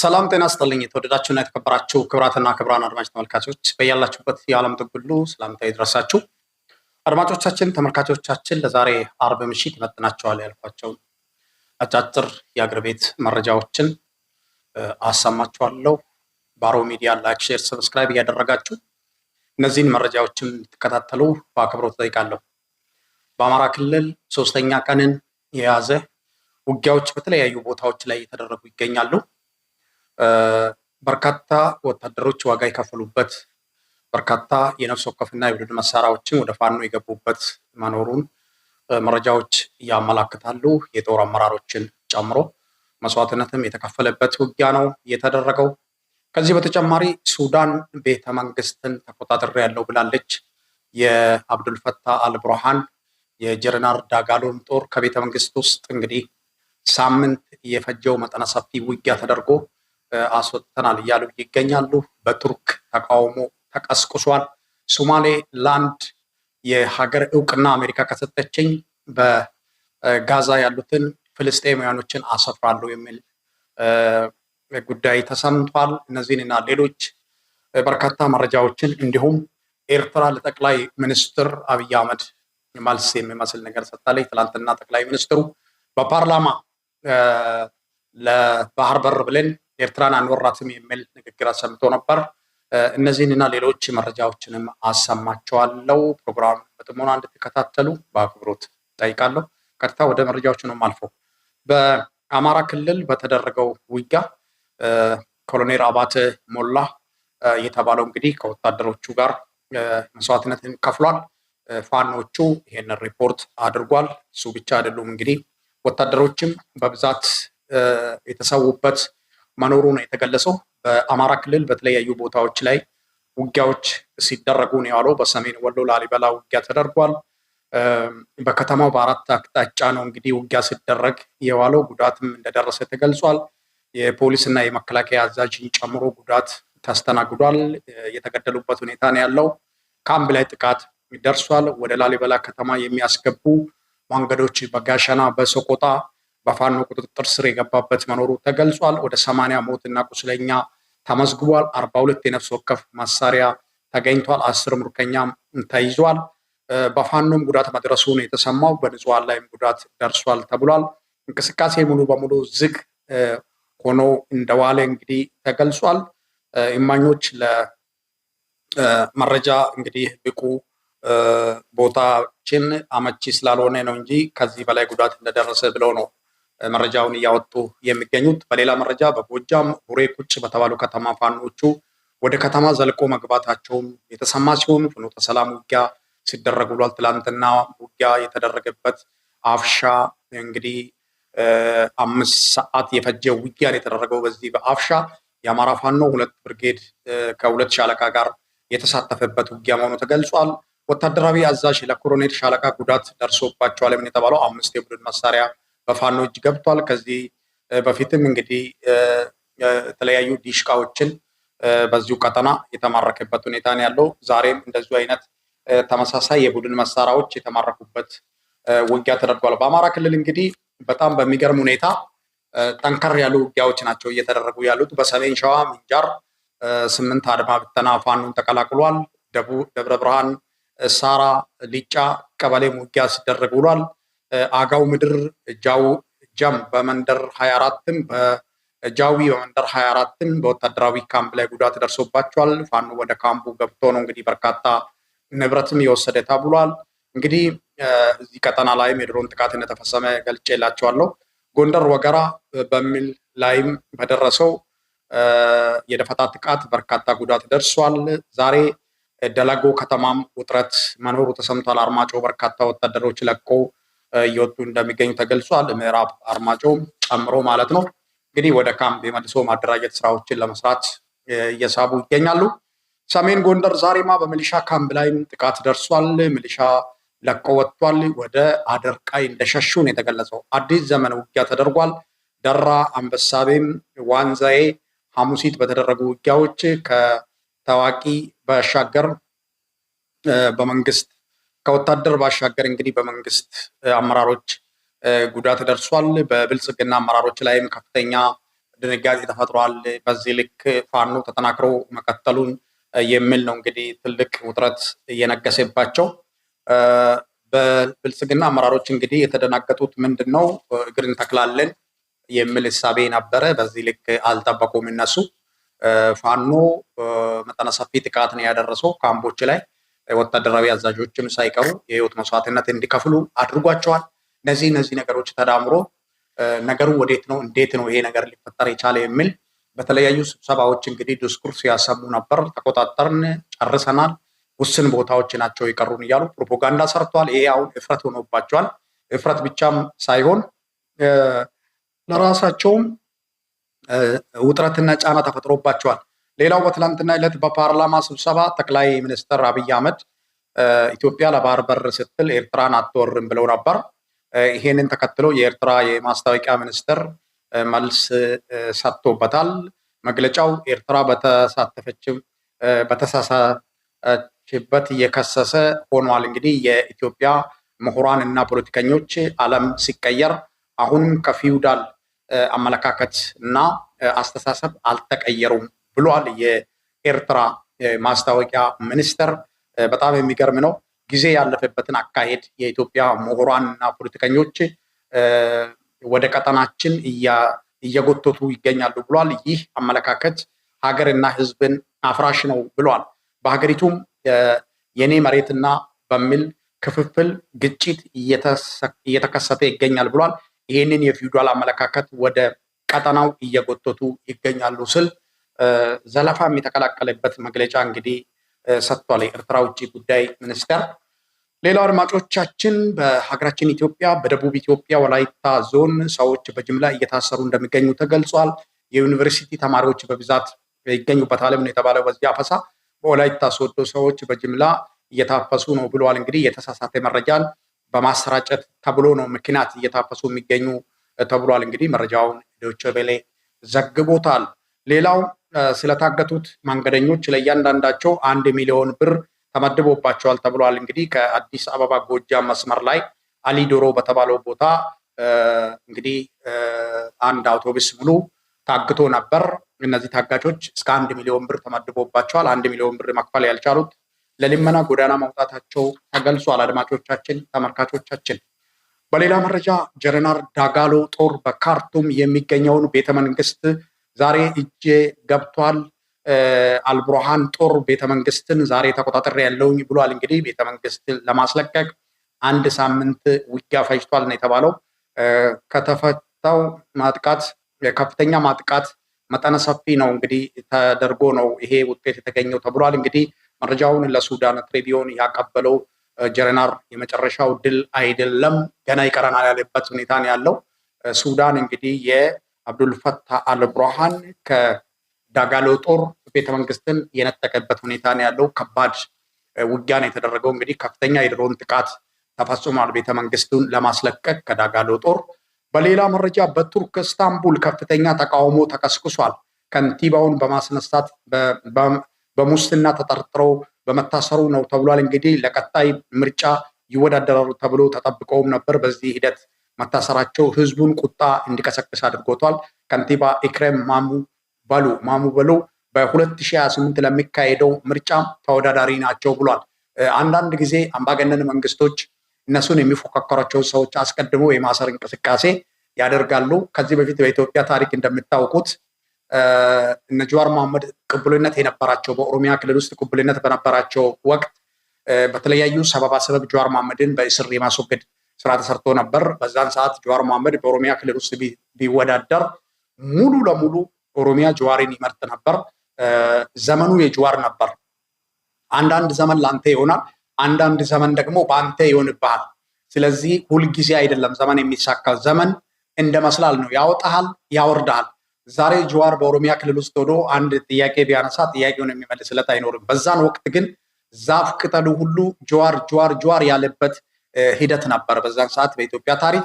ሰላም ጤና ስጥልኝ። የተወደዳችሁና የተከበራችሁ ክብራትና ክብራን አድማጭ ተመልካቾች በያላችሁበት የዓለም ጥግ ሁሉ ሰላምታ ይድረሳችሁ። አድማጮቻችን፣ ተመልካቾቻችን ለዛሬ አርብ ምሽት ይመጥናቸዋል ያልኳቸው አጫጭር የአገር ቤት መረጃዎችን አሰማችኋለሁ። ባሮ ሚዲያ ላይክ፣ ሼር፣ ሰብስክራይብ እያደረጋችሁ እነዚህን መረጃዎችን እንድትከታተሉ በአክብሮት ትጠይቃለሁ። በአማራ ክልል ሶስተኛ ቀንን የያዘ ውጊያዎች በተለያዩ ቦታዎች ላይ እየተደረጉ ይገኛሉ። በርካታ ወታደሮች ዋጋ የከፈሉበት በርካታ የነፍስ ወከፍና የብድር መሳሪያዎችን ወደ ፋኖ የገቡበት መኖሩን መረጃዎች ያመላክታሉ። የጦር አመራሮችን ጨምሮ መስዋዕትነትም የተከፈለበት ውጊያ ነው የተደረገው። ከዚህ በተጨማሪ ሱዳን ቤተ መንግስትን ተቆጣጥሬ ያለው ብላለች። የአብዱልፈታ አልብርሃን የጀርናር ዳጋሎን ጦር ከቤተ መንግስት ውስጥ እንግዲህ ሳምንት የፈጀው መጠነ ሰፊ ውጊያ ተደርጎ አስወጥተናል እያሉ ይገኛሉ። በቱርክ ተቃውሞ ተቀስቅሷል። ሶማሌ ላንድ የሀገር እውቅና አሜሪካ ከሰጠችኝ በጋዛ ያሉትን ፍልስጤማውያኖችን አሰፍራለሁ የሚል ጉዳይ ተሰምቷል። እነዚህንና ሌሎች በርካታ መረጃዎችን እንዲሁም ኤርትራ ለጠቅላይ ሚኒስትር አብይ አህመድ መልስ የሚመስል ነገር ሰጥታለች። ትላንትና ጠቅላይ ሚኒስትሩ በፓርላማ ለባህር በር ብለን ኤርትራን አንወራትም የሚል ንግግር አሰምቶ ነበር። እነዚህንና ሌሎች መረጃዎችንም አሰማቸዋለው ፕሮግራም በጥሞና እንድትከታተሉ በአክብሮት ጠይቃለሁ። ቀጥታ ወደ መረጃዎች ነው የማልፈው። በአማራ ክልል በተደረገው ውጊያ ኮሎኔል አባተ ሞላ የተባለው እንግዲህ ከወታደሮቹ ጋር መስዋዕትነትን ከፍሏል። ፋኖቹ ይሄን ሪፖርት አድርጓል። እሱ ብቻ አይደሉም እንግዲህ ወታደሮችም በብዛት የተሰዉበት መኖሩ ነው የተገለጸው። በአማራ ክልል በተለያዩ ቦታዎች ላይ ውጊያዎች ሲደረጉ ነው ያለው። በሰሜን ወሎ ላሊበላ ውጊያ ተደርጓል። በከተማው በአራት አቅጣጫ ነው እንግዲህ ውጊያ ሲደረግ የዋለው። ጉዳትም እንደደረሰ ተገልጿል። የፖሊስና የመከላከያ አዛዥን ጨምሮ ጉዳት ተስተናግዷል። የተገደሉበት ሁኔታ ነው ያለው። ካምፕ ላይ ጥቃት ደርሷል። ወደ ላሊበላ ከተማ የሚያስገቡ መንገዶች በጋሸና በሰቆጣ በፋኖ ቁጥጥር ስር የገባበት መኖሩ ተገልጿል። ወደ ሰማንያ ሞትና ቁስለኛ ተመዝግቧል። አርባ ሁለት የነፍስ ወከፍ መሳሪያ ተገኝቷል። አስር ምርኮኛም ተይዟል። በፋኖም ጉዳት መድረሱን የተሰማው በንጹሐን ላይም ጉዳት ደርሷል ተብሏል። እንቅስቃሴ ሙሉ በሙሉ ዝግ ሆኖ እንደዋለ እንግዲህ ተገልጿል። እማኞች ለመረጃ እንግዲህ ብቁ ቦታችን አመቺ ስላልሆነ ነው እንጂ ከዚህ በላይ ጉዳት እንደደረሰ ብለው ነው መረጃውን እያወጡ የሚገኙት። በሌላ መረጃ በጎጃም ሁሬ ቁጭ በተባሉ ከተማ ፋኖቹ ወደ ከተማ ዘልቆ መግባታቸውም የተሰማ ሲሆን ፍኖተ ሰላም ውጊያ ሲደረግ ብሏል። ትላንትና ውጊያ የተደረገበት አፍሻ እንግዲህ አምስት ሰዓት የፈጀ ውጊያ የተደረገው በዚህ በአፍሻ የአማራ ፋኖ ሁለት ብርጌድ ከሁለት ሻለቃ ጋር የተሳተፈበት ውጊያ መሆኑ ተገልጿል። ወታደራዊ አዛዥ ለኮሎኔል ሻለቃ ጉዳት ደርሶባቸዋል። ምን የተባለው አምስት የቡድን መሳሪያ በፋኖ እጅ ገብቷል። ከዚህ በፊትም እንግዲህ የተለያዩ ዲሽቃዎችን በዚሁ ቀጠና የተማረከበት ሁኔታ ነው ያለው። ዛሬም እንደዚሁ አይነት ተመሳሳይ የቡድን መሳሪያዎች የተማረኩበት ውጊያ ተደርጓል። በአማራ ክልል እንግዲህ በጣም በሚገርም ሁኔታ ጠንከር ያሉ ውጊያዎች ናቸው እየተደረጉ ያሉት። በሰሜን ሸዋ ምንጃር ስምንት አድማ ብተና ፋኖን ተቀላቅሏል። ደቡብ ደብረ ብርሃን፣ ሳራ፣ ሊጫ ቀበሌም ውጊያ ሲደረግ ውሏል። አጋው ምድር ጃው ጀም በመንደር 24ም በጃዊ በመንደር 24ም በወታደራዊ ካምፕ ላይ ጉዳት ደርሶባቸዋል። ፋኖ ወደ ካምፑ ገብቶ ነው እንግዲህ በርካታ ንብረትም የወሰደ ተብሏል። እንግዲህ እዚህ ቀጠና ላይም የድሮን ጥቃት እንደተፈጸመ ገልጬላቸዋለሁ። ጎንደር ወገራ በሚል ላይም በደረሰው የደፈጣ ጥቃት በርካታ ጉዳት ደርሷል። ዛሬ ደለጎ ከተማም ውጥረት መኖሩ ተሰምቷል። አርማጮ በርካታ ወታደሮች ለቀው። እየወጡ እንደሚገኙ ተገልጿል። ምዕራብ አርማጮም ጨምሮ ማለት ነው። እንግዲህ ወደ ካምፕ የመልሶ ማደራጀት ስራዎችን ለመስራት እየሳቡ ይገኛሉ። ሰሜን ጎንደር ዛሬማ በሚሊሻ ካምፕ ላይም ጥቃት ደርሷል። ሚሊሻ ለቆ ወጥቷል። ወደ አደርቃይ እንደሸሹ ነው የተገለጸው። አዲስ ዘመን ውጊያ ተደርጓል። ደራ አንበሳቤም፣ ዋንዛዬ፣ ሐሙሲት በተደረጉ ውጊያዎች ከታዋቂ ባሻገር በመንግስት ከወታደር ባሻገር እንግዲህ በመንግስት አመራሮች ጉዳት ደርሷል። በብልጽግና አመራሮች ላይም ከፍተኛ ድንጋጤ ተፈጥሯል። በዚህ ልክ ፋኖ ተጠናክሮ መቀጠሉን የሚል ነው እንግዲህ ትልቅ ውጥረት እየነገሰባቸው በብልጽግና አመራሮች እንግዲህ የተደናገጡት ምንድን ነው እግር እንተክላለን የሚል እሳቤ ነበረ። በዚህ ልክ አልጠበቁም። እነሱ ፋኖ መጠነ ሰፊ ጥቃት ነው ያደረሰው ካምቦች ላይ ወታደራዊ አዛዦችም ሳይቀሩ የህይወት መስዋዕትነት እንዲከፍሉ አድርጓቸዋል። እነዚህ እነዚህ ነገሮች ተዳምሮ ነገሩ ወዴት ነው እንዴት ነው ይሄ ነገር ሊፈጠር የቻለ የሚል በተለያዩ ስብሰባዎች እንግዲህ ዲስኩርስ ያሰሙ ነበር። ተቆጣጠርን፣ ጨርሰናል፣ ውስን ቦታዎች ናቸው ይቀሩን እያሉ ፕሮፓጋንዳ ሰርተዋል። ይሄ አሁን እፍረት ሆኖባቸዋል። እፍረት ብቻም ሳይሆን ለራሳቸውም ውጥረትና ጫና ተፈጥሮባቸዋል። ሌላው በትናንትና ዕለት በፓርላማ ስብሰባ ጠቅላይ ሚኒስትር አብይ አህመድ ኢትዮጵያ ለባህር በር ስትል ኤርትራን አትወርም ብለው ነበር። ይሄንን ተከትሎ የኤርትራ የማስታወቂያ ሚኒስትር መልስ ሰጥቶበታል። መግለጫው ኤርትራ በተሳሳችበት እየከሰሰ ሆኗል። እንግዲህ የኢትዮጵያ ምሁራን እና ፖለቲከኞች ዓለም ሲቀየር አሁንም ከፊውዳል አመለካከት እና አስተሳሰብ አልተቀየሩም ብሏል የኤርትራ ማስታወቂያ ሚኒስተር። በጣም የሚገርም ነው። ጊዜ ያለፈበትን አካሄድ የኢትዮጵያ ምሁራን እና ፖለቲከኞች ወደ ቀጠናችን እየጎተቱ ይገኛሉ ብሏል። ይህ አመለካከት ሀገርና ሕዝብን አፍራሽ ነው ብሏል። በሀገሪቱም የኔ መሬትና በሚል ክፍፍል ግጭት እየተከሰተ ይገኛል ብሏል። ይህንን የፊውዳል አመለካከት ወደ ቀጠናው እየጎተቱ ይገኛሉ ስል ዘለፋ የተቀላቀለበት መግለጫ እንግዲህ ሰጥቷል የኤርትራ ውጭ ጉዳይ ሚኒስቴር። ሌላው አድማጮቻችን በሀገራችን ኢትዮጵያ በደቡብ ኢትዮጵያ ወላይታ ዞን ሰዎች በጅምላ እየታሰሩ እንደሚገኙ ተገልጿል። የዩኒቨርሲቲ ተማሪዎች በብዛት ይገኙበታል ነው የተባለው። በዚህ አፈሳ በወላይታ ሶዶ ሰዎች በጅምላ እየታፈሱ ነው ብለዋል። እንግዲህ የተሳሳተ መረጃን በማሰራጨት ተብሎ ነው ምክንያት እየታፈሱ የሚገኙ ተብሏል። እንግዲህ መረጃውን ዶቼ ቬለ ዘግቦታል። ሌላው ስለታገቱት መንገደኞች ለእያንዳንዳቸው አንድ ሚሊዮን ብር ተመድቦባቸዋል ተብሏል። እንግዲህ ከአዲስ አበባ ጎጃም መስመር ላይ አሊ ዶሮ በተባለው ቦታ እንግዲህ አንድ አውቶቡስ ሙሉ ታግቶ ነበር። እነዚህ ታጋቾች እስከ አንድ ሚሊዮን ብር ተመድቦባቸዋል። አንድ ሚሊዮን ብር መክፈል ያልቻሉት ለልመና ጎዳና መውጣታቸው ተገልጿል። አድማጮቻችን፣ ተመልካቾቻችን በሌላ መረጃ ጀነራል ዳጋሎ ጦር በካርቱም የሚገኘውን ቤተመንግስት ዛሬ እጄ ገብቷል አልቡርሃን ጦር ቤተመንግስትን ዛሬ ተቆጣጠር ያለውኝ ብሏል። እንግዲህ ቤተመንግስትን ለማስለቀቅ አንድ ሳምንት ውጊያ ፈጅቷል ነው የተባለው። ከተፈታው ማጥቃት ከፍተኛ ማጥቃት መጠነ ሰፊ ነው እንግዲህ ተደርጎ ነው ይሄ ውጤት የተገኘው ተብሏል። እንግዲህ መረጃውን ለሱዳን ትሪቢዮን ያቀበለው ጀረናር የመጨረሻው ድል አይደለም ገና ይቀረናል ያለበት ሁኔታ ነው ያለው። ሱዳን እንግዲህ አብዱልፈታህ አልብርሃን ከዳጋሎ ጦር ቤተ መንግስትን የነጠቀበት ሁኔታ ነው ያለው። ከባድ ውጊያ ነው የተደረገው። እንግዲህ ከፍተኛ የድሮን ጥቃት ተፈጽሟል፣ ቤተ መንግስቱን ለማስለቀቅ ከዳጋሎ ጦር። በሌላ መረጃ በቱርክ እስታንቡል ከፍተኛ ተቃውሞ ተቀስቅሷል። ከንቲባውን በማስነሳት በሙስና ተጠርጥረው በመታሰሩ ነው ተብሏል። እንግዲህ ለቀጣይ ምርጫ ይወዳደራሉ ተብሎ ተጠብቀውም ነበር። በዚህ ሂደት መታሰራቸው ህዝቡን ቁጣ እንዲቀሰቅስ አድርጎቷል። ከንቲባ ኢክሬም ማሙ ባሉ ማሙ በሎ በ2028 ለሚካሄደው ምርጫ ተወዳዳሪ ናቸው ብሏል። አንዳንድ ጊዜ አምባገነን መንግስቶች እነሱን የሚፎካከሯቸው ሰዎች አስቀድመው የማሰር እንቅስቃሴ ያደርጋሉ። ከዚህ በፊት በኢትዮጵያ ታሪክ እንደምታውቁት እነ ጀዋር መሐመድ ቅቡልነት የነበራቸው በኦሮሚያ ክልል ውስጥ ቅቡልነት በነበራቸው ወቅት በተለያዩ ሰበባ ሰበብ ጀዋር መሐመድን በእስር የማስወገድ ስራ ተሰርቶ ነበር። በዛን ሰዓት ጀዋር መሐመድ በኦሮሚያ ክልል ውስጥ ቢወዳደር ሙሉ ለሙሉ ኦሮሚያ ጀዋሪን ይመርጥ ነበር። ዘመኑ የጀዋር ነበር። አንዳንድ ዘመን ለአንተ ይሆናል፣ አንዳንድ ዘመን ደግሞ በአንተ ይሆንብሃል። ስለዚህ ሁልጊዜ አይደለም ዘመን የሚሳካ ዘመን እንደ መስላል ነው፣ ያወጣሃል፣ ያወርዳሃል። ዛሬ ጀዋር በኦሮሚያ ክልል ውስጥ ሆኖ አንድ ጥያቄ ቢያነሳ ጥያቄውን የሚመልስለት አይኖርም። በዛን ወቅት ግን ዛፍ ቅጠሉ ሁሉ ጀዋር ጀዋር ጀዋር ያለበት ሂደት ነበር። በዛን ሰዓት በኢትዮጵያ ታሪክ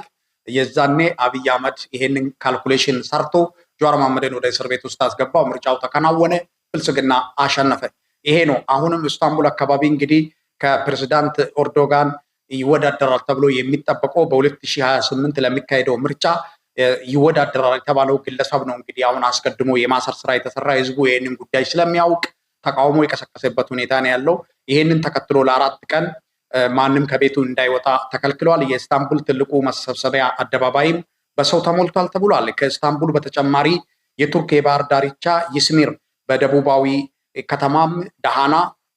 የዛኔ አብይ አህመድ ይሄንን ካልኩሌሽን ሰርቶ ጀዋር መሐመድን ወደ እስር ቤት ውስጥ አስገባው። ምርጫው ተከናወነ፣ ብልጽግና አሸነፈ። ይሄ ነው። አሁንም ኢስታንቡል አካባቢ እንግዲህ ከፕሬዝዳንት ኤርዶጋን ይወዳደራል ተብሎ የሚጠበቀው በ2028 ለሚካሄደው ምርጫ ይወዳደራል የተባለው ግለሰብ ነው። እንግዲህ አሁን አስቀድሞ የማሰር ስራ የተሰራ ህዝቡ ይህንን ጉዳይ ስለሚያውቅ ተቃውሞ የቀሰቀሰበት ሁኔታ ነው ያለው። ይህንን ተከትሎ ለአራት ቀን ማንም ከቤቱ እንዳይወጣ ተከልክሏል። የኢስታንቡል ትልቁ መሰብሰቢያ አደባባይም በሰው ተሞልቷል ተብሏል። ከኢስታንቡል በተጨማሪ የቱርክ የባህር ዳርቻ ይስሚር፣ በደቡባዊ ከተማም ደሃና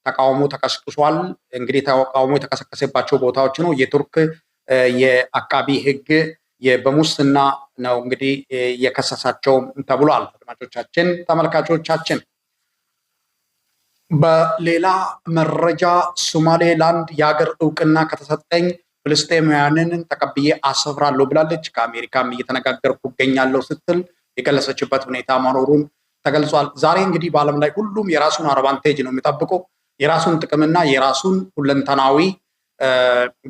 ተቃውሞ ተቀስቅሷል። እንግዲህ ተቃውሞ የተቀሰቀሰባቸው ቦታዎች ነው። የቱርክ የአቃቢ ሕግ በሙስና ነው እንግዲህ የከሰሳቸውም ተብሏል። አድማጮቻችን፣ ተመልካቾቻችን በሌላ መረጃ ሶማሌላንድ የሀገር እውቅና ከተሰጠኝ ፍልስጤማውያንን ተቀብዬ አሰፍራለሁ ብላለች። ከአሜሪካም እየተነጋገርኩ እገኛለሁ ስትል የገለጸችበት ሁኔታ መኖሩን ተገልጿል። ዛሬ እንግዲህ በዓለም ላይ ሁሉም የራሱን አድቫንቴጅ ነው የሚጠብቀው፣ የራሱን ጥቅምና የራሱን ሁለንተናዊ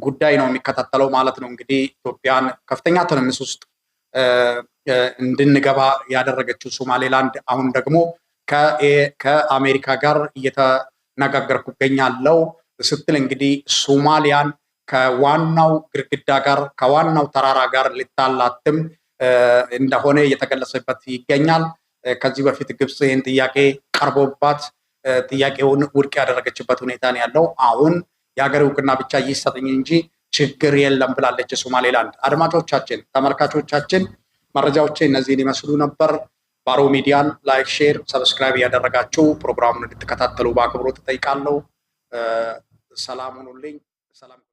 ጉዳይ ነው የሚከታተለው ማለት ነው። እንግዲህ ኢትዮጵያን ከፍተኛ ትርምስ ውስጥ እንድንገባ ያደረገችው ሶማሌላንድ አሁን ደግሞ ከአሜሪካ ጋር እየተነጋገርኩ እገኛለሁ ስትል እንግዲህ ሶማሊያን ከዋናው ግድግዳ ጋር ከዋናው ተራራ ጋር ልታላትም እንደሆነ እየተገለጸበት ይገኛል። ከዚህ በፊት ግብፅ ይህን ጥያቄ ቀርቦባት ጥያቄውን ውድቅ ያደረገችበት ሁኔታ ነው ያለው። አሁን የሀገር እውቅና ብቻ ይሰጥኝ እንጂ ችግር የለም ብላለች ሶማሌላንድ። አድማጮቻችን፣ ተመልካቾቻችን መረጃዎች እነዚህን ይመስሉ ነበር። ባሮ ሚዲያን ላይክ፣ ሼር፣ ሰብስክራይብ እያደረጋችሁ ፕሮግራሙን እንድትከታተሉ በአክብሮት እጠይቃለሁ። ሰላም ሁኑልኝ። ሰላም